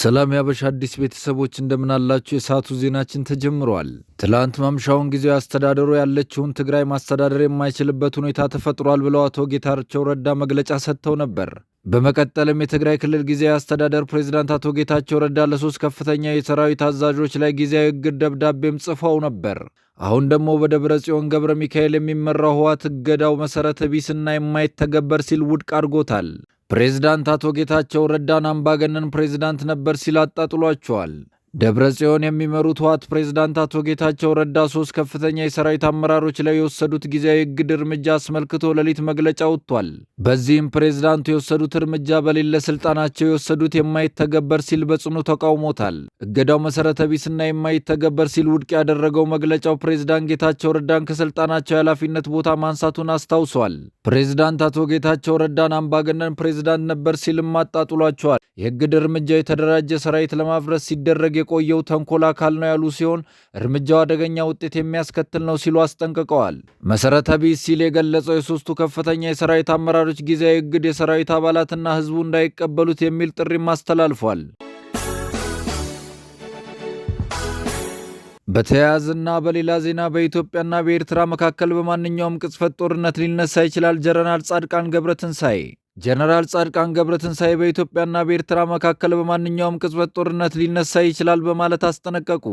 ሰላም ያበሻ አዲስ ቤተሰቦች እንደምናላቸው የሰዓቱ ዜናችን ተጀምረዋል። ትላንት ማምሻውን ጊዜ አስተዳደሩ ያለችውን ትግራይ ማስተዳደር የማይችልበት ሁኔታ ተፈጥሯል ብለው አቶ ጌታቸው ረዳ መግለጫ ሰጥተው ነበር። በመቀጠልም የትግራይ ክልል ጊዜያዊ አስተዳደር ፕሬዚዳንት አቶ ጌታቸው ረዳ ለሶስት ከፍተኛ የሰራዊት አዛዦች ላይ ጊዜያዊ እግድ ደብዳቤም ጽፈው ነበር። አሁን ደግሞ በደብረ ጽዮን ገብረ ሚካኤል የሚመራው ህወሓት እገዳው መሰረተ ቢስና የማይተገበር ሲል ውድቅ አድርጎታል። ፕሬዝዳንት አቶ ጌታቸው ረዳን አምባገነን ፕሬዝዳንት ነበር ሲል አጣጥሏቸዋል። ደብረ ጽዮን የሚመሩት ህወሓት ፕሬዝዳንት አቶ ጌታቸው ረዳ ሶስት ከፍተኛ የሰራዊት አመራሮች ላይ የወሰዱት ጊዜያዊ እግድ እርምጃ አስመልክቶ ሌሊት መግለጫ ወጥቷል። በዚህም ፕሬዝዳንቱ የወሰዱት እርምጃ በሌለ ስልጣናቸው የወሰዱት የማይተገበር ሲል በጽኑ ተቃውሞታል። እገዳው መሰረተ ቢስና የማይተገበር ሲል ውድቅ ያደረገው መግለጫው ፕሬዝዳንት ጌታቸው ረዳን ከስልጣናቸው የኃላፊነት ቦታ ማንሳቱን አስታውሷል። ፕሬዝዳንት አቶ ጌታቸው ረዳን አምባገነን ፕሬዝዳንት ነበር ሲልም አጣጥሏቸዋል። የእግድ እርምጃው የተደራጀ ሰራዊት ለማፍረስ ሲደረግ የቆየው ተንኮል አካል ነው ያሉ ሲሆን እርምጃው አደገኛ ውጤት የሚያስከትል ነው ሲሉ አስጠንቅቀዋል። መሰረተ ቢስ ሲል የገለጸው የሶስቱ ከፍተኛ የሰራዊት አመራሮች ጊዜያዊ እግድ የሰራዊት አባላትና ህዝቡ እንዳይቀበሉት የሚል ጥሪም አስተላልፏል። በተያያዘና በሌላ ዜና በኢትዮጵያና በኤርትራ መካከል በማንኛውም ቅጽበት ጦርነት ሊነሳ ይችላል። ጀነራል ጻድቃን ገብረ ትንሳኤ ጀነራል ጻድቃን ገብረትንሳኤ በኢትዮጵያና በኤርትራ መካከል በማንኛውም ቅጽበት ጦርነት ሊነሳ ይችላል በማለት አስጠነቀቁ።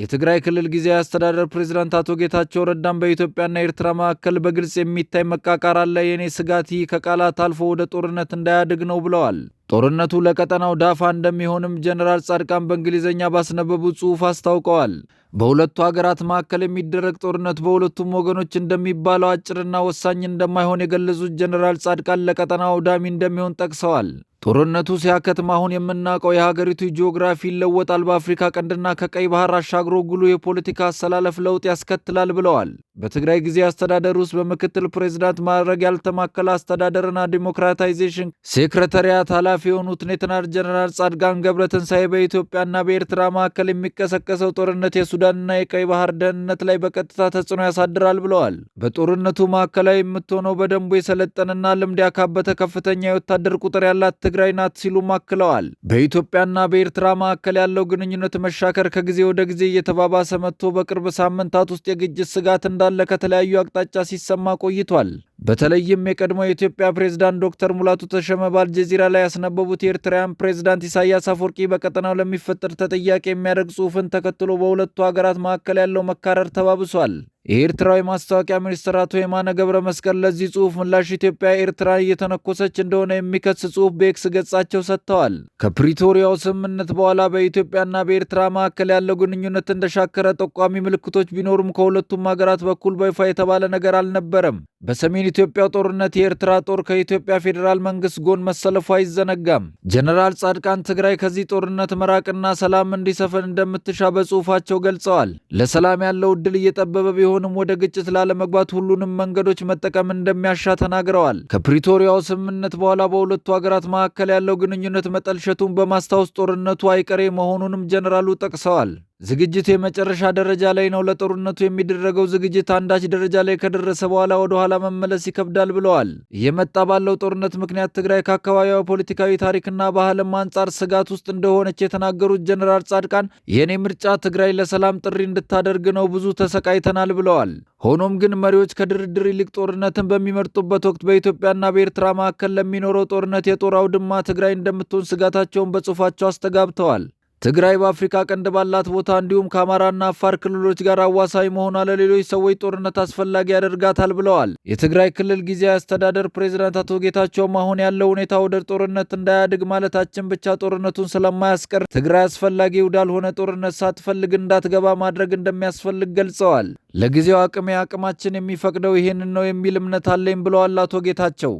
የትግራይ ክልል ጊዜያዊ አስተዳደር ፕሬዚዳንት አቶ ጌታቸው ረዳም በኢትዮጵያና ኤርትራ መካከል በግልጽ የሚታይ መቃቃር አለ፣ የኔ ስጋት ይህ ከቃላት አልፎ ወደ ጦርነት እንዳያድግ ነው ብለዋል። ጦርነቱ ለቀጠናው ዳፋ እንደሚሆንም ጀነራል ጻድቃን በእንግሊዝኛ ባስነበቡ ጽሑፍ አስታውቀዋል። በሁለቱ ሀገራት መካከል የሚደረግ ጦርነት በሁለቱም ወገኖች እንደሚባለው አጭርና ወሳኝ እንደማይሆን የገለጹት ጀኔራል ጻድቃን ለቀጠና አውዳሚ እንደሚሆን ጠቅሰዋል። ጦርነቱ ሲያከትም አሁን የምናውቀው የሀገሪቱ ጂኦግራፊ ይለወጣል፣ በአፍሪካ ቀንድና ከቀይ ባህር አሻግሮ ጉሉ የፖለቲካ አሰላለፍ ለውጥ ያስከትላል ብለዋል። በትግራይ ጊዜ አስተዳደር ውስጥ በምክትል ፕሬዚዳንት ማድረግ ያልተማከለ አስተዳደርና ዲሞክራታይዜሽን ሴክረታሪያት ኃላፊ የሆኑት ሌተናንት ጀነራል ጻድቃን ትንሳኤ በኢትዮጵያና በኤርትራ መካከል የሚቀሰቀሰው ጦርነት የሱዳንና የቀይ ባህር ደህንነት ላይ በቀጥታ ተጽዕኖ ያሳድራል ብለዋል። በጦርነቱ ማዕከላዊ የምትሆነው በደንቡ የሰለጠንና ልምድ ያካበተ ከፍተኛ የወታደር ቁጥር ያላት ትግራይ ናት ሲሉም አክለዋል። በኢትዮጵያና በኤርትራ መካከል ያለው ግንኙነት መሻከር ከጊዜ ወደ ጊዜ እየተባባሰ መጥቶ በቅርብ ሳምንታት ውስጥ የግጭት ስጋት እንዳ እንዳለ ከተለያዩ አቅጣጫ ሲሰማ ቆይቷል። በተለይም የቀድሞ የኢትዮጵያ ፕሬዝዳንት ዶክተር ሙላቱ ተሸመ በአልጀዚራ ላይ ያስነበቡት የኤርትራውያን ፕሬዝዳንት ኢሳያስ አፈወርቂ በቀጠናው ለሚፈጠር ተጠያቂ የሚያደርግ ጽሑፍን ተከትሎ በሁለቱ ሀገራት መካከል ያለው መካረር ተባብሷል። የኤርትራዊ ማስታወቂያ ሚኒስትር አቶ የማነ ገብረ መስቀል ለዚህ ጽሑፍ ምላሽ ኢትዮጵያ ኤርትራ እየተነኮሰች እንደሆነ የሚከስ ጽሑፍ በኤክስ ገጻቸው ሰጥተዋል። ከፕሪቶሪያው ስምምነት በኋላ በኢትዮጵያና በኤርትራ መካከል ያለው ግንኙነት እንደሻከረ ጠቋሚ ምልክቶች ቢኖሩም ከሁለቱም ሀገራት በኩል በይፋ የተባለ ነገር አልነበረም። በሰሜን ኢትዮጵያ ጦርነት የኤርትራ ጦር ከኢትዮጵያ ፌዴራል መንግስት ጎን መሰለፉ አይዘነጋም። ጀነራል ጻድቃን ትግራይ ከዚህ ጦርነት መራቅና ሰላም እንዲሰፈን እንደምትሻ በጽሁፋቸው ገልጸዋል። ለሰላም ያለው እድል እየጠበበ ቢሆንም ወደ ግጭት ላለመግባት ሁሉንም መንገዶች መጠቀም እንደሚያሻ ተናግረዋል። ከፕሪቶሪያው ስምምነት በኋላ በሁለቱ ሀገራት መካከል ያለው ግንኙነት መጠልሸቱን በማስታወስ ጦርነቱ አይቀሬ መሆኑንም ጀነራሉ ጠቅሰዋል። ዝግጅቱ የመጨረሻ ደረጃ ላይ ነው። ለጦርነቱ የሚደረገው ዝግጅት አንዳች ደረጃ ላይ ከደረሰ በኋላ ወደ ኋላ መመለስ ይከብዳል ብለዋል። እየመጣ ባለው ጦርነት ምክንያት ትግራይ ከአካባቢዋ ፖለቲካዊ ታሪክና ባህልም አንጻር ስጋት ውስጥ እንደሆነች የተናገሩት ጀኔራል ጻድቃን የኔ ምርጫ ትግራይ ለሰላም ጥሪ እንድታደርግ ነው። ብዙ ተሰቃይተናል ብለዋል። ሆኖም ግን መሪዎች ከድርድር ይልቅ ጦርነትን በሚመርጡበት ወቅት በኢትዮጵያና በኤርትራ መካከል ለሚኖረው ጦርነት የጦር አውድማ ትግራይ እንደምትሆን ስጋታቸውን በጽሑፋቸው አስተጋብተዋል። ትግራይ በአፍሪካ ቀንድ ባላት ቦታ እንዲሁም ከአማራና አፋር ክልሎች ጋር አዋሳኝ መሆኗ ለሌሎች ሰዎች ጦርነት አስፈላጊ ያደርጋታል ብለዋል። የትግራይ ክልል ጊዜያዊ አስተዳደር ፕሬዚዳንት አቶ ጌታቸውም አሁን ያለው ሁኔታ ወደ ጦርነት እንዳያድግ ማለታችን ብቻ ጦርነቱን ስለማያስቀር ትግራይ አስፈላጊ ወዳልሆነ ጦርነት ሳትፈልግ እንዳትገባ ማድረግ እንደሚያስፈልግ ገልጸዋል። ለጊዜው አቅሜ አቅማችን የሚፈቅደው ይህንን ነው የሚል እምነት አለኝ ብለዋል አቶ ጌታቸው።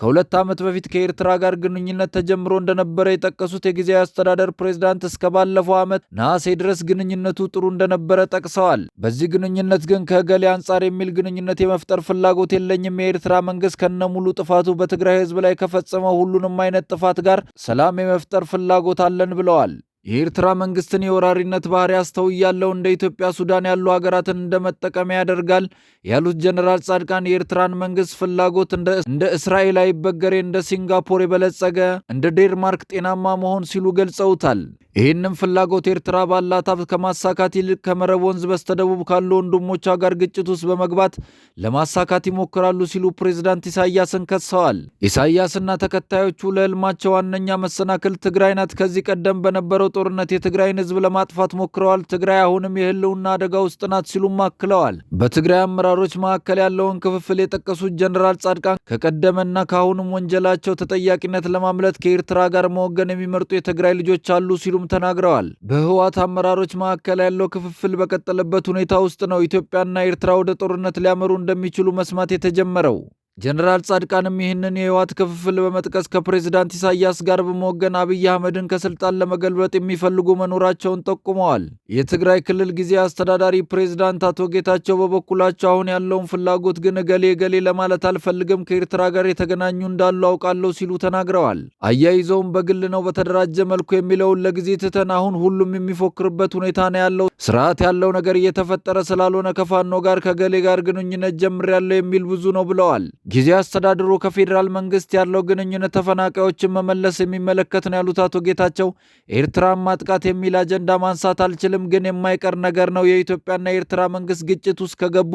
ከሁለት ዓመት በፊት ከኤርትራ ጋር ግንኙነት ተጀምሮ እንደነበረ የጠቀሱት የጊዜያዊ አስተዳደር ፕሬዝዳንት እስከ ባለፈው ዓመት ነሐሴ ድረስ ግንኙነቱ ጥሩ እንደነበረ ጠቅሰዋል። በዚህ ግንኙነት ግን ከእገሌ አንጻር የሚል ግንኙነት የመፍጠር ፍላጎት የለኝም። የኤርትራ መንግስት ከነሙሉ ጥፋቱ በትግራይ ህዝብ ላይ ከፈጸመው ሁሉንም አይነት ጥፋት ጋር ሰላም የመፍጠር ፍላጎት አለን ብለዋል። የኤርትራ መንግስትን የወራሪነት ባህሪ አስተውያለው፣ እንደ ኢትዮጵያ፣ ሱዳን ያሉ ሀገራትን እንደ መጠቀሚያ ያደርጋል ያሉት ጀነራል ጻድቃን የኤርትራን መንግስት ፍላጎት እንደ እስራኤል አይበገሬ፣ እንደ ሲንጋፖር የበለጸገ፣ እንደ ዴንማርክ ጤናማ መሆን ሲሉ ገልጸውታል። ይህንም ፍላጎት ኤርትራ ባላት ሀብት ከማሳካት ይልቅ ከመረብ ወንዝ በስተደቡብ ካሉ ወንድሞቿ ጋር ግጭት ውስጥ በመግባት ለማሳካት ይሞክራሉ ሲሉ ፕሬዝዳንት ኢሳያስን ከሰዋል። ኢሳያስና ተከታዮቹ ለህልማቸው ዋነኛ መሰናክል ትግራይ ናት። ከዚህ ቀደም በነበረው ጦርነት የትግራይን ህዝብ ለማጥፋት ሞክረዋል። ትግራይ አሁንም የህልውና አደጋ ውስጥ ናት ሲሉም አክለዋል። በትግራይ አመራሮች መካከል ያለውን ክፍፍል የጠቀሱት ጀኔራል ጻድቃን ከቀደመና ከአሁንም ወንጀላቸው ተጠያቂነት ለማምለት ከኤርትራ ጋር መወገን የሚመርጡ የትግራይ ልጆች አሉ ሲሉም መሆኑንም ተናግረዋል። በህወሓት አመራሮች መካከል ያለው ክፍፍል በቀጠለበት ሁኔታ ውስጥ ነው ኢትዮጵያና ኤርትራ ወደ ጦርነት ሊያመሩ እንደሚችሉ መስማት የተጀመረው። ጀነራል ጻድቃንም ይህንን የህወሓት ክፍፍል በመጥቀስ ከፕሬዝዳንት ኢሳያስ ጋር በመወገን አብይ አህመድን ከስልጣን ለመገልበጥ የሚፈልጉ መኖራቸውን ጠቁመዋል። የትግራይ ክልል ጊዜ አስተዳዳሪ ፕሬዝዳንት አቶ ጌታቸው በበኩላቸው አሁን ያለውን ፍላጎት ግን እገሌ እገሌ ለማለት አልፈልግም፣ ከኤርትራ ጋር የተገናኙ እንዳሉ አውቃለሁ ሲሉ ተናግረዋል። አያይዘውም በግል ነው በተደራጀ መልኩ የሚለውን ለጊዜ ትተን አሁን ሁሉም የሚፎክርበት ሁኔታ ነው ያለው። ስርዓት ያለው ነገር እየተፈጠረ ስላልሆነ ከፋኖ ጋር ከገሌ ጋር ግንኙነት ጀምሬያለሁ የሚል ብዙ ነው ብለዋል። ጊዜ አስተዳደሩ ከፌዴራል መንግስት ያለው ግንኙነት ተፈናቃዮችን መመለስ የሚመለከት ነው ያሉት አቶ ጌታቸው ኤርትራን ማጥቃት የሚል አጀንዳ ማንሳት አልችልም፣ ግን የማይቀር ነገር ነው። የኢትዮጵያና የኤርትራ መንግስት ግጭት ውስጥ ከገቡ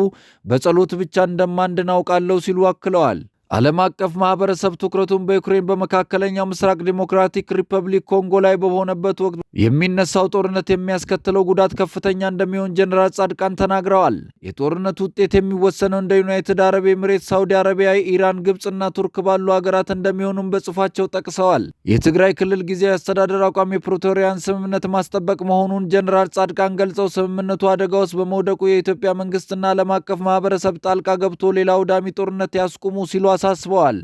በጸሎት ብቻ እንደማንድን አውቃለሁ ሲሉ አክለዋል። ዓለም አቀፍ ማህበረሰብ ትኩረቱን በዩክሬን በመካከለኛው ምስራቅ ዲሞክራቲክ ሪፐብሊክ ኮንጎ ላይ በሆነበት ወቅት የሚነሳው ጦርነት የሚያስከትለው ጉዳት ከፍተኛ እንደሚሆን ጀኔራል ጻድቃን ተናግረዋል። የጦርነት ውጤት የሚወሰነው እንደ ዩናይትድ አረብ ኤምሬት፣ ሳውዲ አረቢያ፣ ኢራን፣ ግብፅና ቱርክ ባሉ ሀገራት እንደሚሆኑም በጽሑፋቸው ጠቅሰዋል። የትግራይ ክልል ጊዜያዊ አስተዳደር አቋም የፕሪቶሪያን ስምምነት ማስጠበቅ መሆኑን ጀኔራል ጻድቃን ገልጸው ስምምነቱ አደጋ ውስጥ በመውደቁ የኢትዮጵያ መንግስትና ዓለም አቀፍ ማህበረሰብ ጣልቃ ገብቶ ሌላ አውዳሚ ጦርነት ያስቁሙ ሲሉ አሳስበዋል።